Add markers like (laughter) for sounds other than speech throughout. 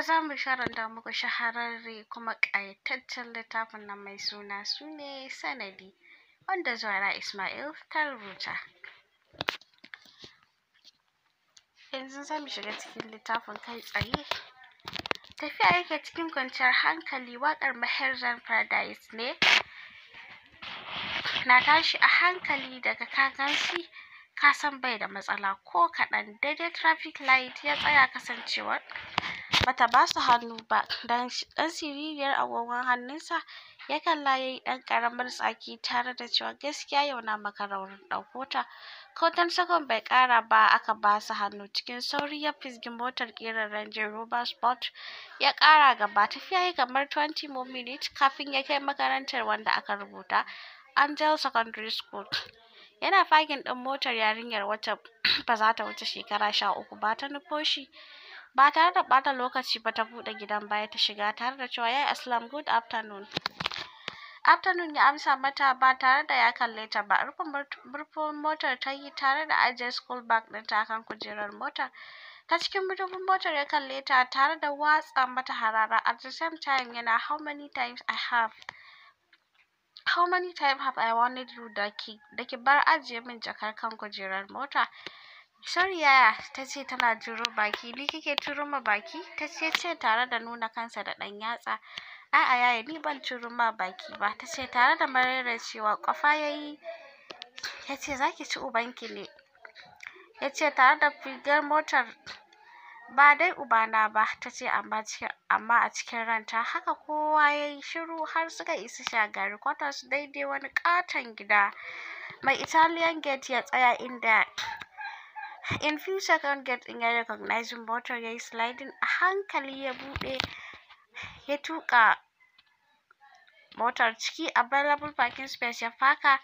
haka za mu sharanta muku shahararre kuma ƙayataccen littafin nan mai suna sune sanadi wanda zuwa Ismail ta rubuta. Yanzu za mu shiga cikin littafin kai tsaye. Tafiya yake cikin kwanciyar hankali waƙar Maherzan Paradise ne na tashi a hankali daga kagansi ka san bai da matsala ko kaɗan daidai traffic light ya tsaya kasancewar bata basu hannu ba dan dan siririyar agogon hannunsa ya kalla yayi ɗan ƙaramar tsaki tare da cewa gaskiya yau na maka raunin dauko ta ko dan sakon bai ƙara ba aka basu hannu cikin sauri ya fisgin motar ƙirar ranger rover sport ya ƙara gaba tafiya yayi kamar 20 more minutes kafin ya kai makarantar wanda aka rubuta angel secondary school yana fakin ɗin motar yarinyar wacce (clears throat) ba za ta wuce shekara sha uku ba ta nufo shi ba tare da ɓata lokaci ba ta buɗe gidan baya ta shiga tare da cewa yayi aslam good afternoon afternoon ya amsa mata ba tare da ya kalle ta ba rufin motar ta yi tare da ajiye school bag ta kan kujerar mota, ta cikin rufin motar ya kalle ta tare da watsa mata harara at the same time yana how many times I have how many times have I wanted you da da ki bar ajiye min jakar kan kujerar mota shirya ta ce tana turo baki. Ni kike turo ma baki? Ta ce ce tare da nuna kansa da ɗan yatsa. A'a yaya, ni ban turo ma baki ba. Ta ce tare da marairar cewa kwafa ya Ya ce za ci ubanki ne. Ya ce tare da figar motar ba dai ubana ba ta ce amma a cikin ranta haka kowa ya yi shiru har suka isa shagari su daidai wani katon gida mai italian gate ya tsaya inda in few second gate in ya recognize motor ya yi sliding a hankali ya bude ya tuƙa motar ciki available parking space ya faka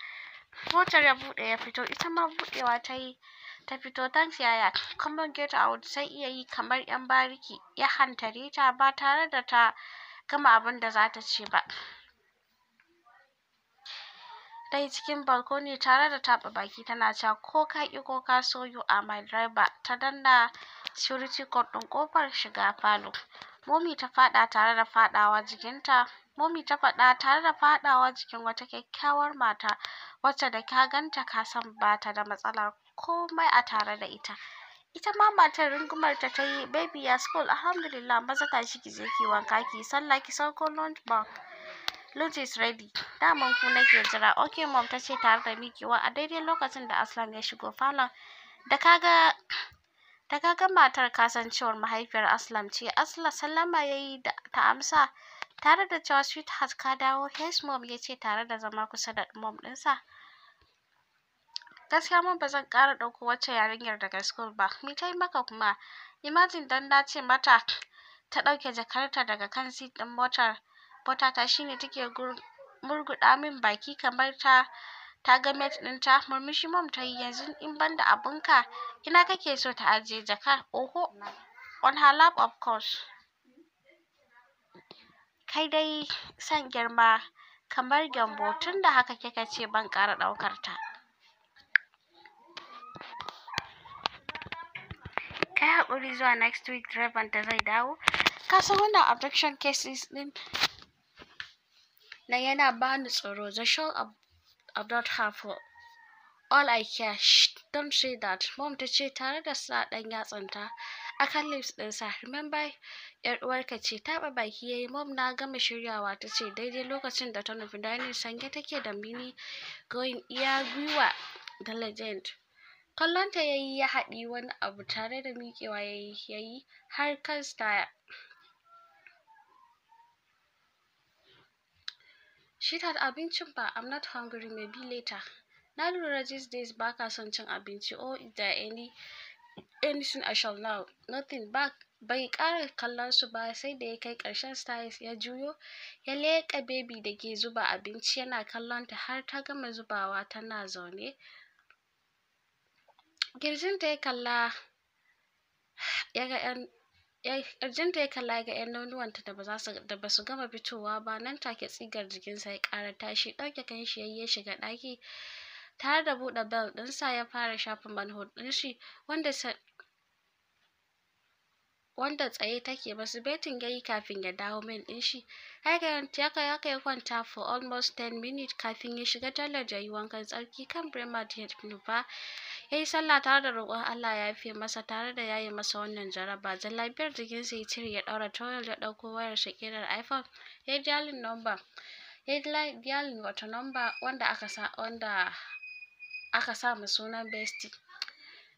motar ya buɗe ya fito ita ma buɗewa ta yi ta fito thanks yaya common get out sai iya yi kamar yan bariki ya hantare ta ba tare da ta gama abin da za ta ce ba dai cikin balkoni tare da taɓa baki tana cewa ko ka ƙi ko ka so you are my driver ta danna security code ɗin ƙofar shiga falo momi ta faɗa tare da faɗawa jikinta momi ta faɗa tare da faɗawa jikin wata kyakkyawar mata wacce da ka ganta ka san ba ta da matsala komai a tare da ita ita ma matar rungumar ta ta yi baby ya school alhamdulillah maza tashi ki je ki wanka ki sallah ki sauko lunch box Lunch is ready. Daman ku nake jira. Okay mom ta tare da miƙewa a daidai lokacin da Aslan ya shigo falon. Da kaga da kaga matar kasancewar mahaifiyar Aslam ce, Aslan sallama yayi yi ta amsa tare da cewa heart ka dawo. Yes mom ya ce tare da zama kusa da mom dinsa. gaskiya mun ba zan kara ɗauko wacce yarinyar daga school ba mi ta maka kuma imagine dan na ce mata ta dauke jakarta daga kan seat ɗin motar potata shine take murguɗa min baki kamar ta ta ga ɗin ta murmushi mom ta yi yanzu in ban da ka, ina kake so ta ajiye jaka? oho on her lap of course kai dai son girma kamar gyambo tun da haka kika ce ban ƙara ɗaukar ta kai haƙuri zuwa next week direban da zai dawo ka san wannan abduction cases ɗin na yana bani tsoro the show of, not have all I care Shh, don't say that mom ta ce tare da sa ɗan yatsanta a kan lips sa remember yar uwarka ce taɓa baki yayi mom na gama shiryawa ta ce daidai lokacin da ta nufi dining sange take da mini going iya gwiwa da legend kallonta yayi ya haɗi wani abu tare da miƙewa yayi yayi har kan style She had abincin ba, I'm not hungry, maybe later. Na lura these days ba ka son cin abinci, or oh, is there any anything I shall now? Nothing ba, Bai ƙara kallon su ba sai da ya kai ƙarshen styles ya juyo, ya leƙa baby da ke zuba abinci yana kallon ta har ta gama zubawa tana zaune. ta ya kalla ya ga 'yan ƙirjinta ya kalla ga ‘yan nonuwanta da ba da basu gama fitowa ba nan take tsigar jikinsa ya ƙara tashi ɗauke kan shi ya shiga ɗaki tare da buɗe bel ɗinsa ya fara shafa manhod ɗin shi wanda wanda tsaye take su betin yayi kafin ya dawo min din shi Hagrid ya kai ya kwanta for almost 10 minutes kafin ya shiga tallar da yi wankan tsarki kan bremer head nufa ya yi sallah tare da roƙon Allah ya fi masa tare da ya yi masa wannan jaraba jallabiyar jikinsa ya cire ya ɗaura towel ya ɗauko wayar shakirar iPhone ya yi dialing number ya yi dialing wata number wanda aka sa wanda ma sunan bestie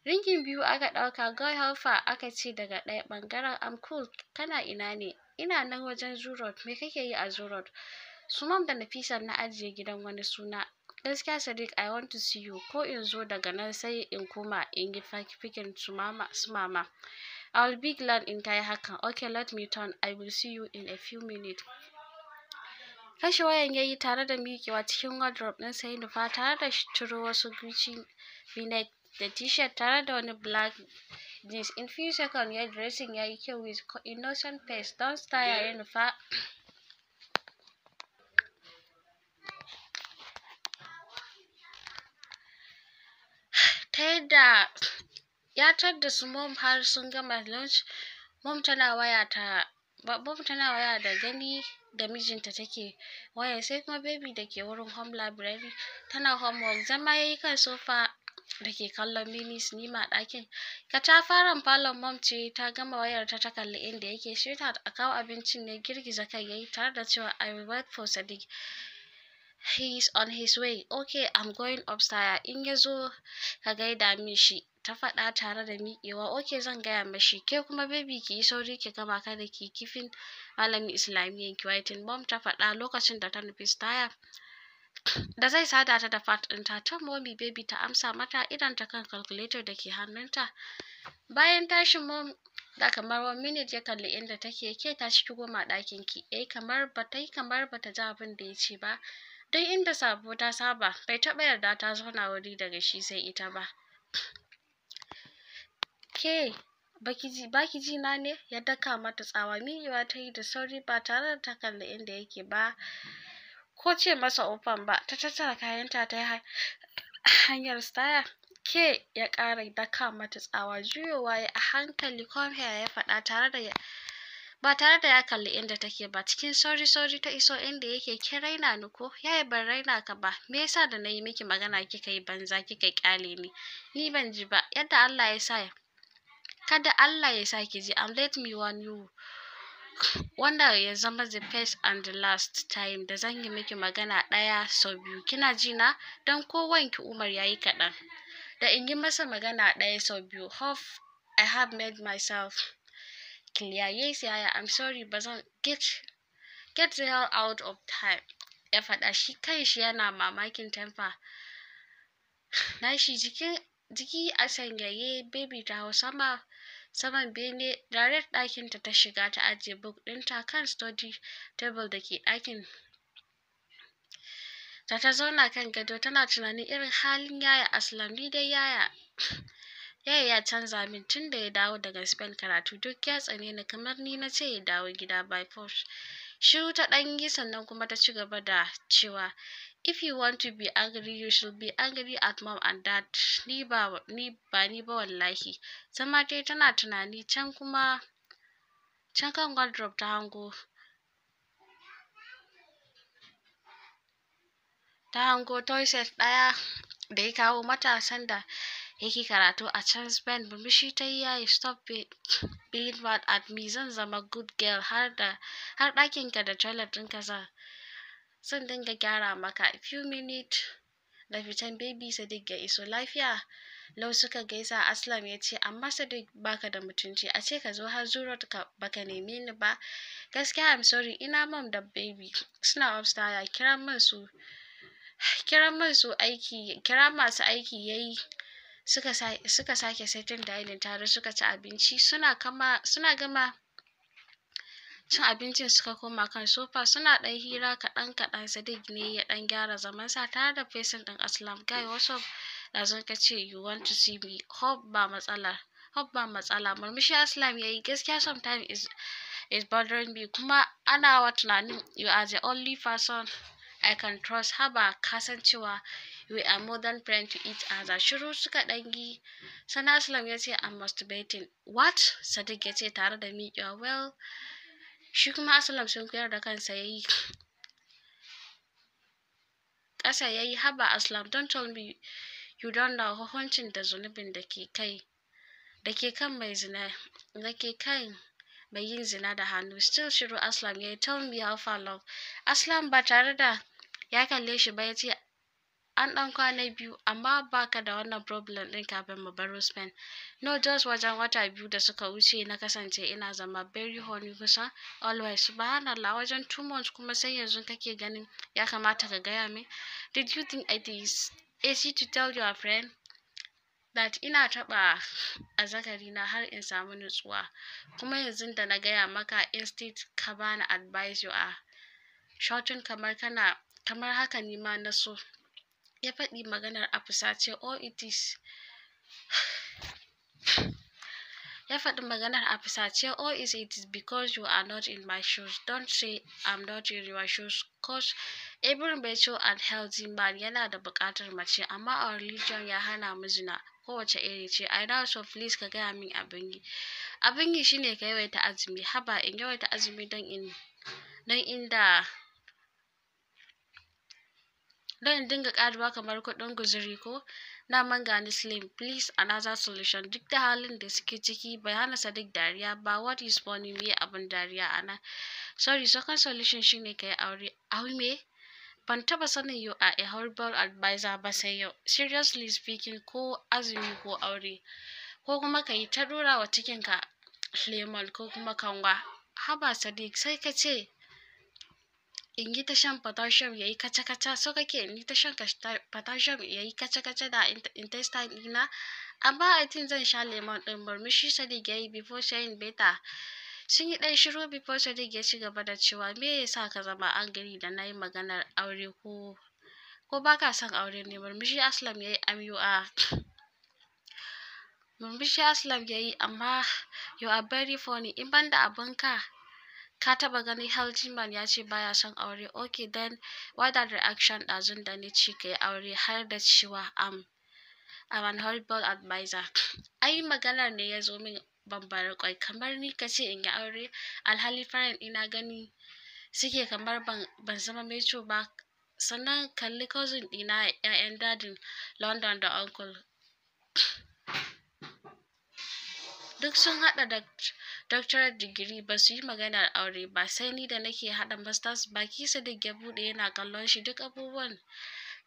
Ringin biyu aka ɗauka, "Go help aka ce daga ɗaya ɓangaren, "I'm cool, kana ina ne?" "Ina nan wajen Zoo Road, me kake yi a Zoo Road?" Suman da Nafisa na ajiye gidan wani suna. Gaskiya Sadiq I want to see you, ko in zo daga nan sai in koma in yi fakin su mama. i will be glad in kai haka hakan. Okay, let me turn. I will see you in a few minutes. Kashe wayan yayi tare da miƙewa cikin wardrobe ɗin sai nufa tare da ciro wasu Gucci da t-shirt tare da wani black jeans in few seconds ya dressing ya yi kyau with innocent face don style ya nufa (sighs) ya su mom har sun gama lunch mom tana waya da gani da mijinta take waya sai kuma baby da ke wurin home library tana homework zama ya yi kan sofa da ke kallon mini sinima a ɗakin katafaren falon mom ce ta gama wayar ta ta kalli inda yake shirya a kawo abincin ne girgiza kai yayi tare da cewa i will wait for sadiq he is on his way okay i'm going upstairs in ya zo ka gaida min shi ta faɗa tare da miƙewa oke zan gaya mashi ke kuma baby ki yi sauri ki gama kada ki kifin malamin islamiyyan ki mom ta faɗa lokacin da ta nufi style da zai sada ta da fat ɗinta ta momi baby ta amsa mata idan ta kan calculator da ke hannunta bayan tashin mom da kamar wani minute ya kalli inda take ke ta ciki goma ɗakin ki E kamar ba ta yi kamar ba ta ji abin da ya ce ba don inda sabo ta saba bai taɓa yarda ta zauna wuri daga shi sai ita ba ke baki ji na ne ya daka mata tsawa miyewa ta yi da sauri ba tare da ta kalli inda yake ba ko ce masa ofan ba ta tattara kayanta ta hanyar staya ke ya ƙara daka mata tsawa juyowa ya a hankali kwamfiya ya faɗa tare da ba tare da ya kalli inda take ba cikin sauri sauri ta iso inda yake ki raina ni ko yi ban raina ka ba me yasa da na yi miki magana kika yi banza kika kyale ni ni ban ji ba yadda Allah ya sa kada Allah ya sa ki ji am let me warn you wanda ya zama the first and the last time da zan yi miki magana ɗaya sau biyu kina ji na don ko wanki umar yayi kaɗan da in yi masa magana ɗaya sau biyu hope i have made myself clear yes yaya i'm sorry ba zan get get the hell out of time ya faɗa shi kai shi yana mamakin tamfa (sighs) na shi jiki jiki a sanyaye baby ta hau sama saman bene direct ɗakinta ta shiga ta ajiye book ɗinta kan study table da ke ɗakin ta ta zauna kan gado tana tunanin irin halin yaya aslam ni dai yaya yaya ya canza min tun da ya dawo daga spain karatu duk ya tsane ni kamar ni na ce ya dawo gida by force shiru ta ɗan yi sannan kuma ta ci gaba da cewa if you want to be angry you should be angry at mom and dad ni ba ni ba ni ba wallahi zama dai tana tunani can kuma can kan wardrobe ta hango ta hango toy set ɗaya da ya kawo mata sanda yake karatu a can spend murmushi ta yi ya stop being mad at me zan zama good girl har da har ɗakinka da toilet ɗinka kaza. zan dinga gyara maka few minutes da fitan baby su ya iso lafiya lau suka gaisa Aslam ya ce amma Sadiq baka da mutunci a ce ka zo har ba ka baka ni ba gaskiya I'm sorry ina mom da baby suna upstairs kira min su kira min su aiki kira masu aiki yayi suka suka sake setting dining tare suka ci abinci suna kama suna gama cin abincin suka koma kan sofa suna ɗan hira kaɗan kaɗan sadiq ne ya ɗan gyara zamansa tare da fesin ɗin aslam guy wasu zan ka ce you want to see me hope ba matsala hope ba matsala murmushi aslam ya yi gaskiya sometimes is is bothering me kuma ana wa tunanin you are the only person I can trust haba kasancewa we are more than friend to each other shiru suka dangi sana aslam ya ce I'm masturbating what sadiq ya ce tare da miƙewa well shi kuma asalam sun koyar da kansa ya yi ƙasa ya yi haba aslam don tell me you don't hukuncin da zunubin da ke kai da ke kan mai zina da ke kai mai yin zina da hannu still shiru aslam ya yi tell me how far aslam ba tare da ya kalle shi ba ya ce an ɗan kwana biyu amma baka da wannan problem din kafin mu baro Spain. No just wajen wata biyu da suka wuce na kasance ina zama very horny kusa always subhanallah wajen two months kuma sai yanzu kake ganin ya kamata ka gaya min. Did you think it is easy to tell your friend? that ina taɓa azakari na har in samu nutsuwa kuma yanzu da na gaya maka instead ka bani advice you are shouting kamar kana kamar haka nima na so ya faɗi maganar a fusace oh it is ya faɗi maganar a fusace oh is it is because you are not in my shoes don't say i'm not in your shoes cause every mature and healthy man yana da buƙatar mace amma a religion ya hana mu zina kowace iri ce i know so please ka gaya min abin yi abin yi shine ka yawaita azumi haba in yawaita azumi don in don inda don in dinga ƙaruwa kamar kuɗin guzuri ko Na daman ga slim please another solution duk da halin da suke ciki bai hana sadiq dariya ba what is funny me abin dariya ana sorry second solution shine kai aure aure me ban taɓa sanin you are a horrible advisor ba sai yau seriously speaking ko azumi ko aure ko kuma ka yi ta dora wa ka lemon ko kuma kanwa haba sadiq sai ka ce in yi ta shan potassium ya yi kaca-kaca so kake in yi ta shan potassium ya yi kaca-kaca da intestine ɗina amma a tun zan sha lemon ɗin murmushi sadiq ya yi before saying beta sun yi ɗan shiru before sadiq ya ci gaba da cewa me ya sa ka zama an gani da na yi maganar aure ko ko ba ka son aure ne murmushi aslam ya yi amua murmushi aslam ya yi amma you are very funny in ban da abinka ka taba gani Heljiman ya ce baya son aure ok then why that reaction ɗazun da ni ci ka aure har da cewa am um, I'm an horrible advisor. (sniffs) Ai maganar ne ya zo min bambara kwai kamar ni ka ce in yi aure alhali farin ina gani suke kamar ban zama meco ba sannan kalli cousin ɗina 'ya'yan dadin London da uncle (sniffs) duk sun haɗa doctorate degree ba su yi maganar aure ba sai ni da nake hada masters baki sadiq ya bude yana kallon shi duk abubuwan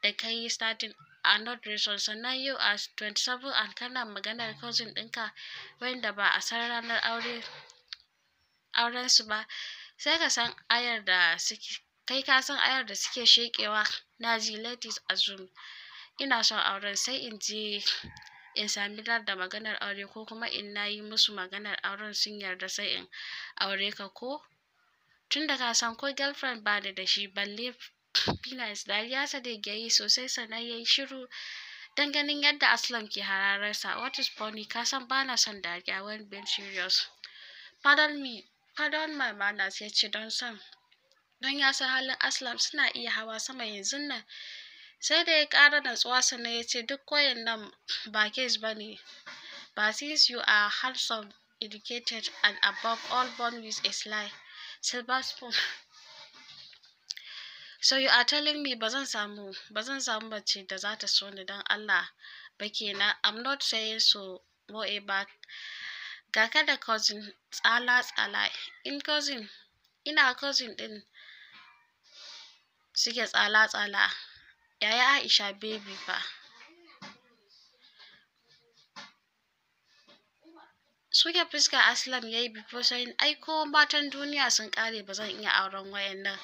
da ka yi starting a not reason sannan yau a 27 an kana maganar cousin dinka wanda ba a san ranar aure auren su ba sai ka san ayar da suke kai ka san ayar da suke shekewa na ji ladies a zoom ina son auren sai in je in sami da maganar aure ko kuma in na yi musu maganar auren sun yarda sai in aure ka ko tun da ka san ko girlfriend ba da da shi balle Pilas dariya da ya yi sosai sannan ya yi shiru don ganin yadda Aslam ke harararsa. What is funny? Ka san ba na son dariya when being serious. Pardon me, pardon my manners ya ce don son. Don ya san halin Aslam suna iya hawa sama yanzu nan. sai da ya ƙara natsuwa sannan ya ce duk koyan nan ba case ba ne ba since you are handsome educated and above all born with a sly silver spoon so you are telling me ba zan samu ba zan samu da za ta so ni don Allah ba kenan I'm not saying so ga ka da cousin tsala tsala in cousin ina cousin din suke tsala tsala Yaya Aisha baby fa suke fuska Aslam yayi before saying ai ko matan duniya sun kare ba zan iya auren wayannan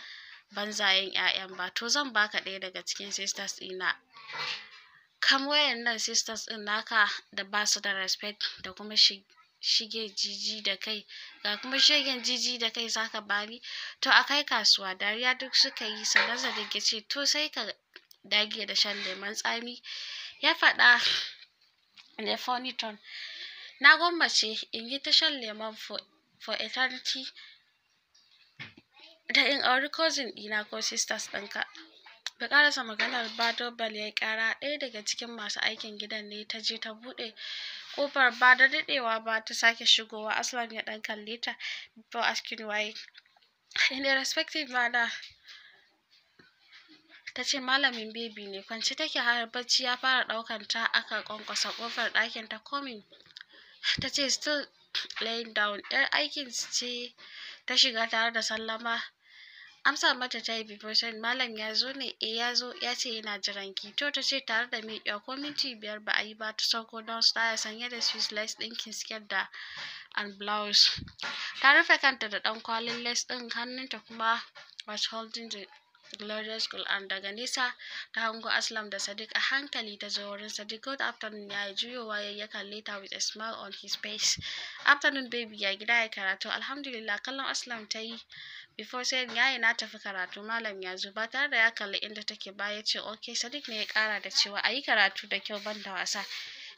banzayen ƴaƴan ba to zan baka ɗaya daga cikin sisters ɗina kam wayannan sisters ɗin naka da ba su da respect da kuma shige jiji da kai ga kuma shegen jiji da kai zaka bari to a kai kasuwa dariya duk suka yi sanar da to sai ka dage da shan lemon tsami ya faɗa da foniton na gwammace in yi ta shan lemon for eternity da in auri cousin ɗina ko sisters ɗinka da karasa maganar badobal ya kara ɗaya daga cikin masu aikin gidan ne ta je ta buɗe kofar ba da daɗewa ba ta sake shigowa aslam ya ɗan kalle ta before asking why in a respective manner ta ce malamin bebi ne kwance take har bacci ya fara ɗaukan ta aka kwankwasa ƙofar ɗakin ta komi ta ce still laying down yar aikin ce ta shiga tare da sallama amsa mata ta yi before malam ya zo ne eh ya zo ya ce yana jiran ki to ta ce tare da kyau ko minti biyar ba a yi ba ta sauko don staya sanye da swiss lace ɗinkin skirt da and blouse ta rufe kanta da ɗan kwalin lace ɗin hannunta kuma was holding the Glorious and daga nisa ta hango Aslam da Sadiq a hankali ta zo wurin Sadiq good afternoon ya yi juyowa ya ya kalle ta with a smile on his face afternoon baby ya gida ya karatu alhamdulillah kallon Aslam ta yi before ya yayi na tafi karatu malam ya zo ba tare da ya kalli inda take ba ya ce okay Sadiq ne ya kara da cewa a yi karatu da kyau ban da wasa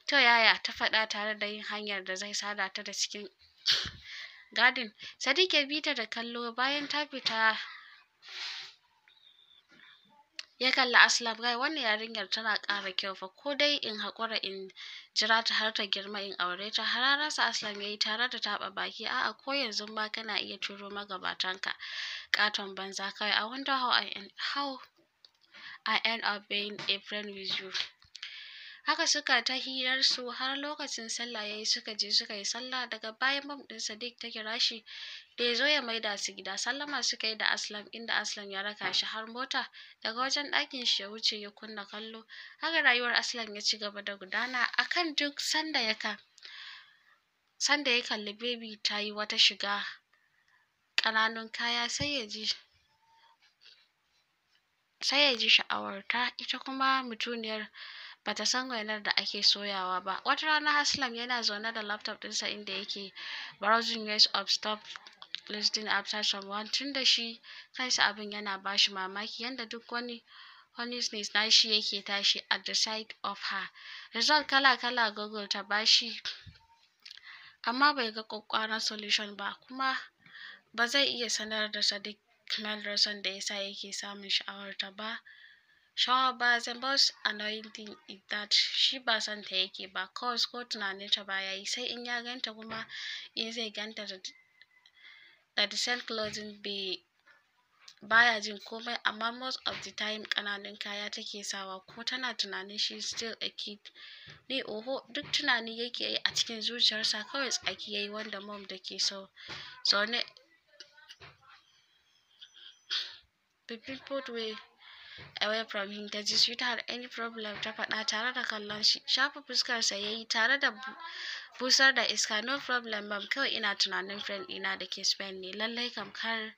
ta yaya ta faɗa tare da yin hanyar da zai sada ta da cikin (coughs) gadin Sadiq ya bi ta da kallo bayan ta fita ya kalli Aslam guy wannan yarinyar tana ƙara kyau fa ko dai in haƙura in jira ta har ta girma in aure ta rasa Aslam yayi tare da taba baki a ko yanzu ma kana iya turo magabatanka katon banza kai I wonder how I end, how I end up being a friend with you haka suka ta hirar su har lokacin sallah yayi suka je suka yi sallah daga bayan mom din Sadiq ta kira shi da zo ya maida su gida sallama suka yi da aslam inda aslam ya raka shi har mota daga wajen ɗakin shi ya wuce ya kunna kallo haka rayuwar aslam ya ci gaba da gudana akan duk sanda ya ka sanda ya kalli baby ta yi wata shiga ƙananun kaya sai ya ji sai ya ji sha'awarta ita kuma mutuniyar bata san wainar da ake soyawa ba wata rana aslam yana zaune da laptop ɗinsa inda yake browsing ways of stuff Filistin Abstraction World tun da shi kansa abin yana ba shi mamaki yadda duk wani na nashi yake tashi at the sight of her. Result kala-kala Google ta bashi amma bai ga ƙwaƙƙwaran solution ba kuma ba zai iya sanar da Sadiq Melroson da yasa yake samun sha'awar ta ba. Shawa ba ba most annoying thing is that shi ba son ta yake ba cause ko tunanin ta ba yayi sai in ya ganta kuma in zai ganta da that the cell clothing bai baya jin komai amma most of the time ƙananun kaya take sawa ko tana tunanin she still a kid ni oho duk tunani yake yi a cikin zuciyarsa kawai tsaki yayi wanda mom da ke so ne the people way away from him ta ji sweetheart any problem ta faɗa tare da kallon shi shafa fuskarsa yayi tare da busar da iska no problem ba kawai ina tunanin friend ina da ke spend ne lallai kam kar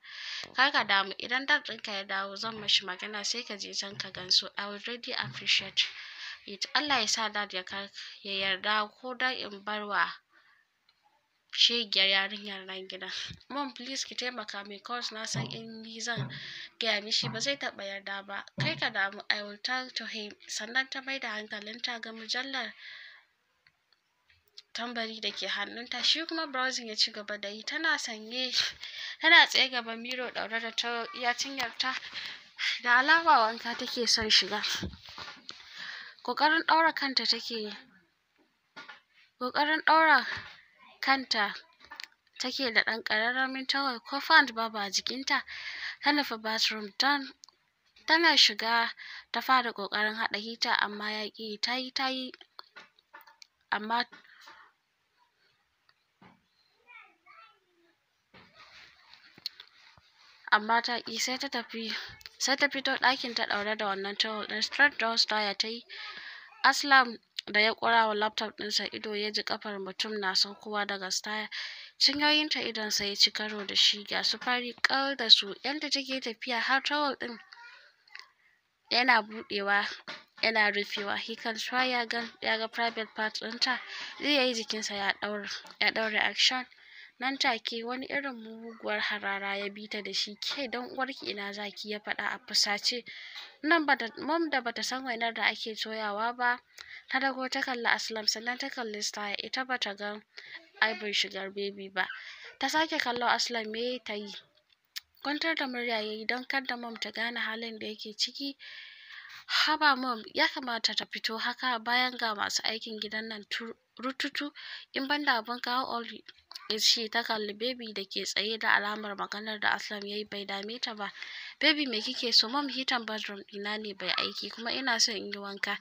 ka damu idan dad ɗinka ya dawo zan mashi magana sai ka je can ka gansu i already appreciate it allah ya sa dad ya yarda ko da in barwa shegiyar yarinyar nan gida. mom please ki taimaka me cause na san in ni zan gaya mishi ba zai taɓa yarda ba kai ka damu i will talk to him sannan ta mai da hankalinta ga mujallar tambari da ke hannunta shi kuma browsing ya ci gaba da yi tana sanye tana tsaye gaban miro ɗaure da ta iya ta da alama wanka take son shiga ƙoƙarin ɗaura kanta take ƙoƙarin ɗaura kanta take da ɗan ƙararramin tawul ko fand babu a jikinta ta nufi bathroom don tana shiga ta fara ƙoƙarin haɗa hita amma ya ƙi ta yi ta yi amma amma ta ƙi sai ta tafi sai ta fito ɗakin ta ɗaure da wannan tawul ɗin straight da taya ta yi aslam da ya ƙura wa laptop ɗinsa ido ya ji ƙafar mutum na saukowa daga ta cinyoyinta idonsa ya ci karo da shi ga su fari ƙal da su yadda take tafiya har tawul ɗin yana buɗewa yana rufewa he can try ya ga private part ɗinta zai yi jikinsa ya ɗaure ya ɗaure action nan take wani irin muguwar harara ya bi ta da shi ke uwar uwarki ina zaki ya faɗa a fusace nan bata mom da bata san wainar da ake soyawa ba ta dago ta kalli aslam sannan ta kalli staya ita bata ga aibin shigar baby ba ta sake kallon aslam me ta yi kwantar da murya ya yi don kar da mom ta gane halin da yake ciki haba mom ya kamata ta fito haka bayan ga masu aikin gidan nan rututu in banda abin kawo shi ta kalli baby da ke tsaye da alamar maganar da Aslam ya yi bai dame ta ba. Baby me kike so mom hitan bedroom ina ne bai aiki kuma ina son in yi wanka.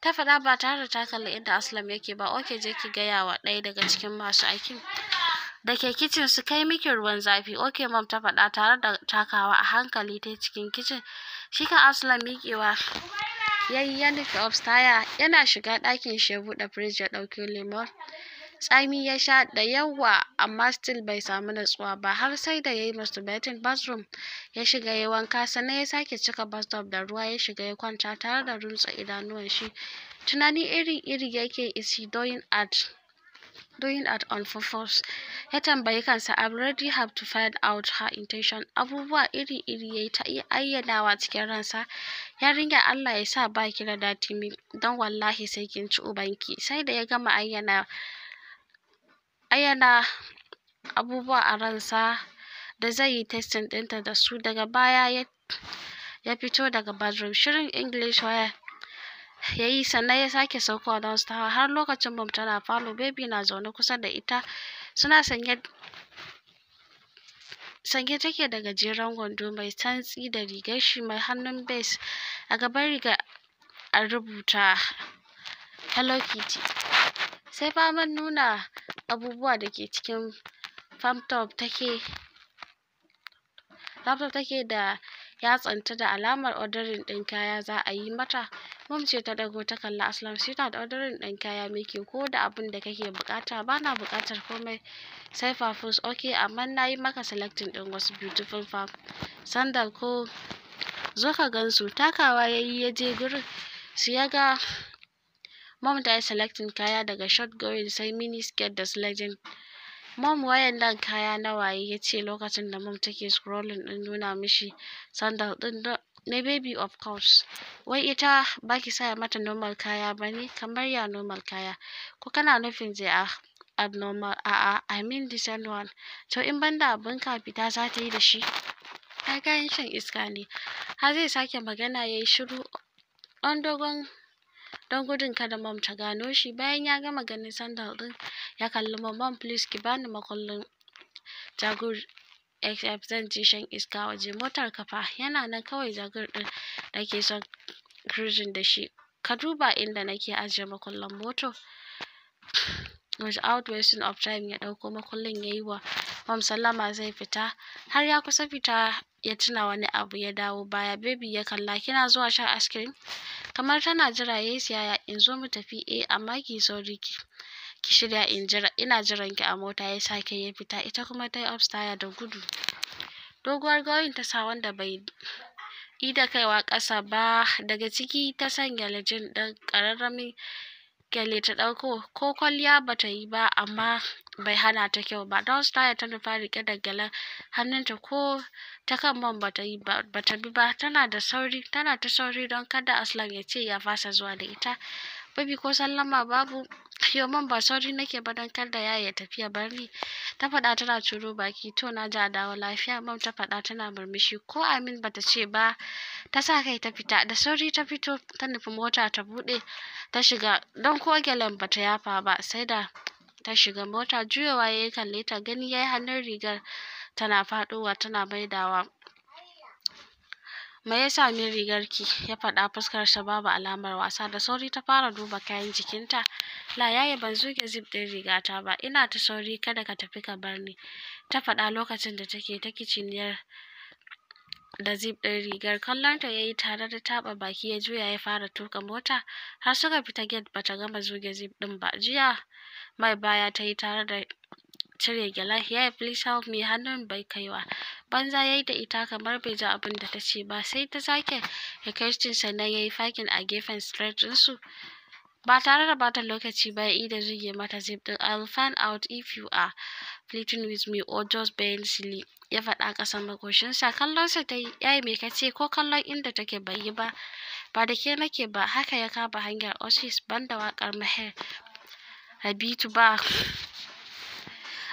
Ta faɗa ba tare da ta kalli inda Aslam yake ba oke je ki gaya wa ɗaya daga cikin masu aikin. da ke kicin su kai miki ruwan zafi oke mam ta faɗa tare da takawa a hankali ta cikin kicin shi kan aslam miƙewa yayi ya nufi upstairs yana shiga ɗakin shi ya buɗe firij ya ɗauki lemon Tsami ya sha da yawa amma still bai samu natsuwa ba har sai da ya yi masturbating bathroom ya shiga ya wanka sannan ya sake cika bathtub da ruwa ya shiga ya kwanta tare da runtse idanuwan shi. Tunani iri-iri yake is he doing at doing at on purpose ya tambayi kansa I already have to find out her intention abubuwa iri-iri yayi ta ayyanawa cikin ransa yarinya Allah ya sa ba ki da dati don wallahi sai kin ci ubanki sai da ya gama ayyana ayyana abubuwa a ransa da zai yi testing ɗinta da su daga baya ya fito daga bathroom. shirin English waya ya yi sannan ya sake saukowa don su har lokacin bam tana falo baby na zaune kusa da ita suna sanye take da gajeren gwando mai santsi da rigar shi mai hannun base a gaban riga a rubuta Hello Kitty sai faman nuna abubuwa da ke cikin famtop take laptop take da tsanta da alamar ordering ɗin kaya za a yi mata mom ce ta ɗago ta kalli aslam da ordering ɗin kaya muke ko da abin da kake bukata na bukatar komai sai fafus ok amma na yi maka selecting ɗin wasu beautiful fam sandal ko zo ka gansu takawa ya yi ya je gurin su ya ga Mom tayi yi selecting kaya daga short going sai mini skirt da sliding. Mom wayannan kaya waye ya ce lokacin da mom take scrolling din nuna mishi sandal din na baby of course. Wai ita baki ki saya mata normal kaya ba ne kamar ya normal kaya. Ko kana nufin zai a abnormal a'a I mean decent one. To in banda abin ka fita za ta yi da shi. Ai kayan shan iska ne. Har zai sake magana ya yi shiru. Ɗan dogon don gudun kada mom ta gano shi bayan ya gama ganin sandal din ya kalli mom mam please ki bani makullin jagur xf zan ji shan iska waje motar kafa yana nan kawai jagur din da ke son cruising da shi ka duba inda nake ajiye makullin moto (sighs) without wasting of time ya dauko makullin ya yi wa Mam Sallama zai fita har ya kusa fita ya tuna wani abu ya dawo baya baby ya kalla kina zuwa shan ice cream kamar tana jira ya yi siyaya in zo mu tafi eh amma ki sauri ki ki shirya in jira ina jiran ki a mota ya sake ya fita ita kuma ta yi upstairs da gudu doguwar gawayin ta sa wanda bai yi da kaiwa ƙasa ba daga ciki ta sanya lijin ɗan ƙararramin gyale ta ɗauko ko kwalliya bata yi ba amma bai hana ta kyau ba don su ta nufa rike da gyalen hannunta ko ta kan man bata yi bata bi ba tana da sauri tana ta sauri don kada aslan ya ce ya fasa zuwa da ita babi ko sallama babu man ba sauri nake ba don kada ya ya tafiya barni ta faɗa tana turo baki to na a dawo lafiya man ta faɗa tana murmushi ko amin bata ce ba ta sa kai ta fita da sauri ta fito ta nufi mota ta buɗe ta shiga don ko gyalen bata yafa ba sai da ta shiga mota juyawa ya kalle ta gani ya yi hannun rigar tana faɗowa tana baidawa. me ya sa min ki? ya faɗa fuskarsa babu alamar wasa da sauri ta fara duba kayan jikinta la yaya ban zuge zip ɗin rigata ba ina ta sauri kada ka tafi ka bar ni ta faɗa lokacin da take ta kiciniyar da zip ɗin rigar kallonta ya yi tare da taɓa baki ya juya ya fara tuka mota har suka fita gate ta gama zuge zip ɗin ba jiya mai baya ta yi tare da cire gyala ya please help me hannun bai kaiwa banza ya yi da ita kamar bai ji abin da ta ce ba sai ta sake requestin sannan ya yi fakin a gefen straight ɗinsu Ba tare da bata lokaci ba ya da zuge mata zip din I'll find out if you are pleading with me or just being silly ya faɗa ƙasan makoshinsa kallonsa ta yi yayi mai kace ko kallon inda take bayi yi ba ba da ke nake ba haka ya kaba hanyar osis banda wakar maher habitu ba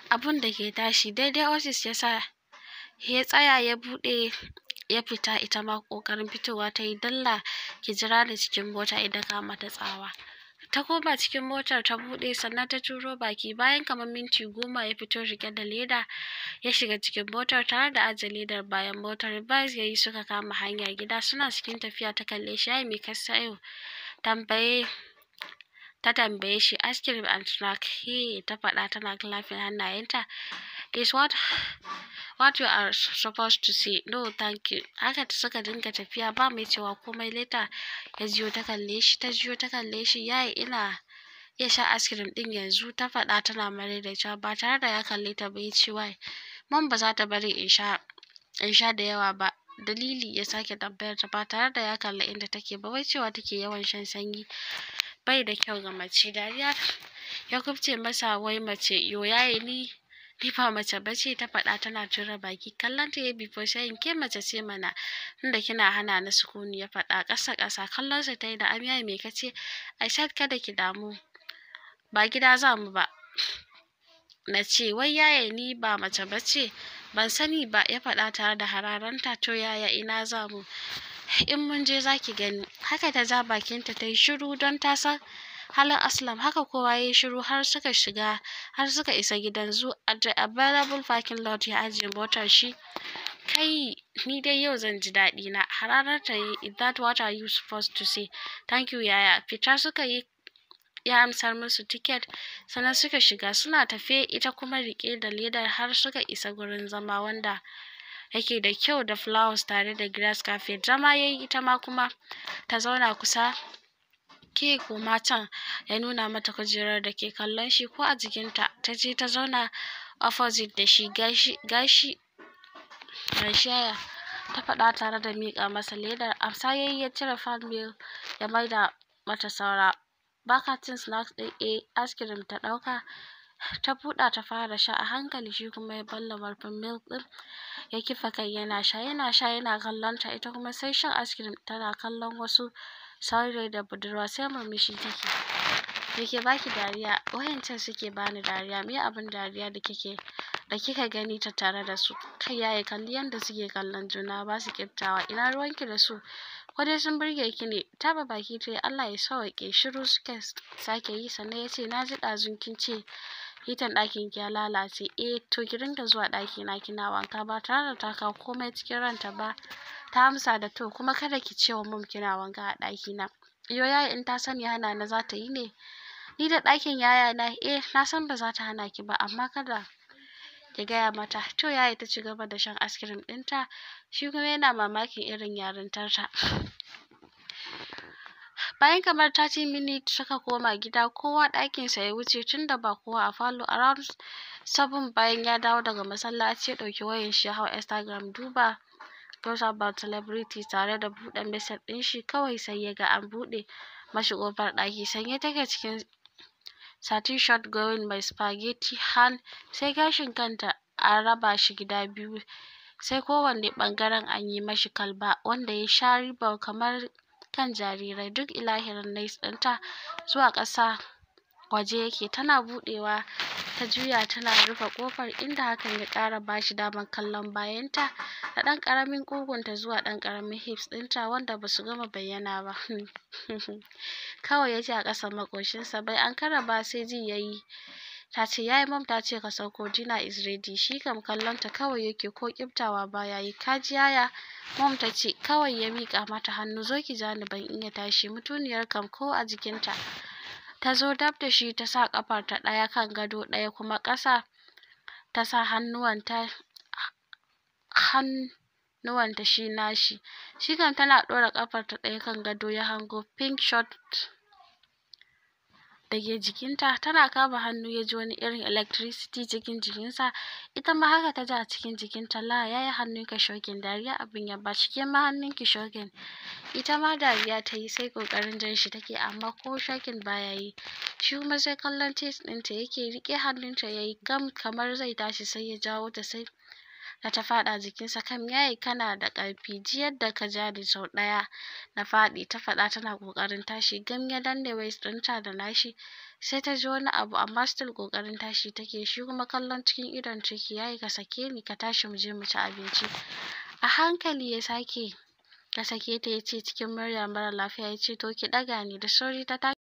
abun da ke tashi daidai osis ya sa ya tsaya ya buɗe ya fita ita ma kokarin fitowa ta yi dalla ki jira da cikin mota idan ka mata tsawa ta koma cikin motar ta buɗe sannan ta turo baki bayan kamar minti goma ya fito rike da leda ya shiga cikin motar tare da ajiye ledar bayan motar bas ya yi suka kama hanyar gida suna cikin tafiya ta kalle shi ai me ka sayo tambaye ta tambaye shi ice cream and he ta faɗa tana clapping hannayenta is what what you are supposed to say no thank you haka suka dinga tafiya ba mai cewa komai leta ya jiyo ta kalle shi ta jiyo ta kalle shi yayi ina ya sha askirim din yanzu ta faɗa tana mare da cewa ba tare da ya kalle ta ba ya ce wai man ba za ta bari in sha in sha da yawa ba dalili ya sake tambayar ta ba tare da ya kalle inda take ba wai cewa take yawan shan sanyi bai da kyau ga mace dariya ya kubce masa wai mace yo yayi ni ni mace bace ta faɗa tana tura baki kallon ta yabi shayin ke mace ce mana inda kina hana na sukuni ya faɗa ƙasa ƙasa kallon sa tayi da amiya mai kace Aishat kada ki damu ba gida za mu ba na ce wai yaya ni ba mace bace ban sani ba ya faɗa tare da hararanta to yaya ina za mu in mun je za ki gani haka ta ja bakinta ta yi shiru don ta san halin aslam haka kowa ya shiru har suka shiga har suka isa gidan zu a the available parking lot ya ajiye motar shi kai ni dai yau zan ji daɗi na hararar ta yi is that what are you supposed to say thank you yaya fita suka yi ya amsar musu tiket sannan suka shiga suna tafe ita kuma riƙe da ledar har suka isa gurin zama wanda yake da kyau da flowers tare da grass cafe zama yayi ita ma kuma ta zauna kusa ke ko matan ya nuna mata kujerar da ke kallon shi ko a jikinta ta je ta zauna opposite da shi gashi gashi ta faɗa tare da miƙa masa ledar amsa yayi ya cire fan mil ya maida mata saura baka cin snacks ɗin eh ice cream ta ɗauka ta buɗa ta fara sha a hankali shi kuma ya balla murfin milk ɗin ya kifa kai yana sha yana sha yana kallon ta ita kuma sai shan ice cream tana kallon wasu saurayi da budurwa sai murmushi take me ke baki dariya wayancan suke bani dariya me abin dariya da kike da kika gani ta tare da su kai yaye kalli yanda suke kallon juna ba su kiftawa ina ruwanki da su ko dai sun burge ki ne taba baki ta Allah ya sauke shiru suke sake yi sannan ya ce na ji ɗazun kin ce hitan ɗakin ki ya lalace eh to ki ringa zuwa ɗakina kina wanka ba tare da ta kawo komai cikin ranta ba ta amsa da to kuma kada ki ce wa mum kina wanka a ɗakina yo yaya in ta sani hana na za ta yi ne ni da ɗakin yaya na eh na san ba za ta hana ki ba amma kada ki gaya mata to yaya ta ci gaba da shan askirim ɗinta shi kuma yana mamakin irin yarintarta Bayan kamar 30 minutes suka koma gida kowa ɗakinsa ya wuce tun da ba kowa a falo around 7 bayan ya dawo daga masallaci ya ɗauki shi ya hau Instagram duba posts about celebrity tare da buɗe message ɗin shi kawai sai ya ga an buɗe mashi ƙofar ɗaki sanye take cikin satin short gown mai spaghetti hand sai gashin kanta an raba shi gida biyu sai kowanne ɓangaren an yi mashi kalba wanda ya sha ribar kamar kan jarirai duk ilahirin nais ɗinta zuwa ƙasa waje yake tana buɗewa ta juya tana rufe ƙofar inda hakan ya ƙara ba shi damar kallon bayanta da ɗan ƙaramin ƙugunta zuwa ɗan ƙaramin hips ɗinta wanda ba su gama bayyana ba (laughs) kawai ya ji a ƙasan maƙoshinsa bai ankara ba sai ji ya yi ta ce yi mam ta ce ka sauko dina is ready shi kam kallon ta kawai yake ko kiftawa ba yayi ka ji yaya mom ta ce kawai ya mika mata hannu zo ki jani ban iya tashi mutuniyar kam ko a jikinta ta zo dab da shi ta sa kafar ta daya kan gado ɗaya kuma ƙasa ta sa hannuwanta ta shi nashi shi kam tana ɗora ƙafar ta ɗaya kan gado ya hango pink shot Dage jikinta tana kama hannu ya ji wani irin electricity cikin jikinsa ita ma haka ta ji a cikin jikinta la ya yi hannun shokin dariya abin ya ba cike ma hannun shokin ita ma dariya ta yi sai kokarin jan shi take amma ko shokin ya yi shi kuma sai kallon tes ɗinta yake riƙe hannunta ya yi gam kamar zai tashi sai ya jawo ta sai da ta faɗa jikinsa kam yayi kana da ƙarfi ji yadda ka ja ni sau ɗaya na faɗi ta faɗa tana ƙoƙarin tashi gam ya danne waist ɗinta da nashi sai ta ji wani abu amma still ƙoƙarin tashi take shi kuma kallon cikin idon ciki yayi ka sake ni ka tashi mu je mu ci abinci a hankali ya sake ka sake ta ya ce cikin murya mara lafiya ya ce to ki ɗaga ni da sauri ta tashi